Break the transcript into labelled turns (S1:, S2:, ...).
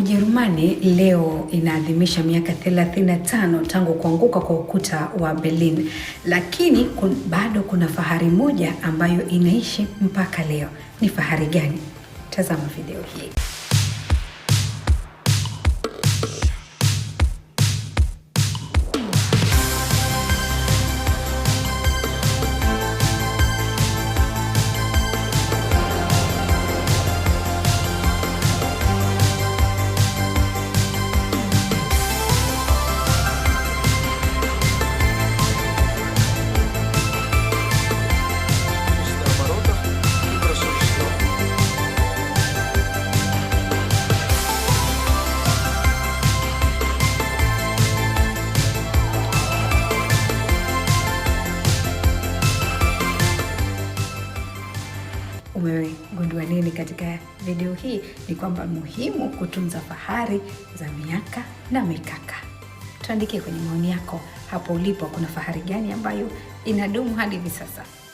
S1: Ujerumani leo inaadhimisha miaka 35 tangu kuanguka kwa ukuta wa Berlin, lakini kun, bado kuna fahari moja ambayo inaishi mpaka leo. Ni fahari gani? Tazama video hii. umegundua nini katika video hii? Ni kwamba muhimu kutunza fahari za miaka na mikaka. Tuandikie kwenye maoni yako hapo ulipo, kuna fahari gani ambayo inadumu hadi hivi sasa?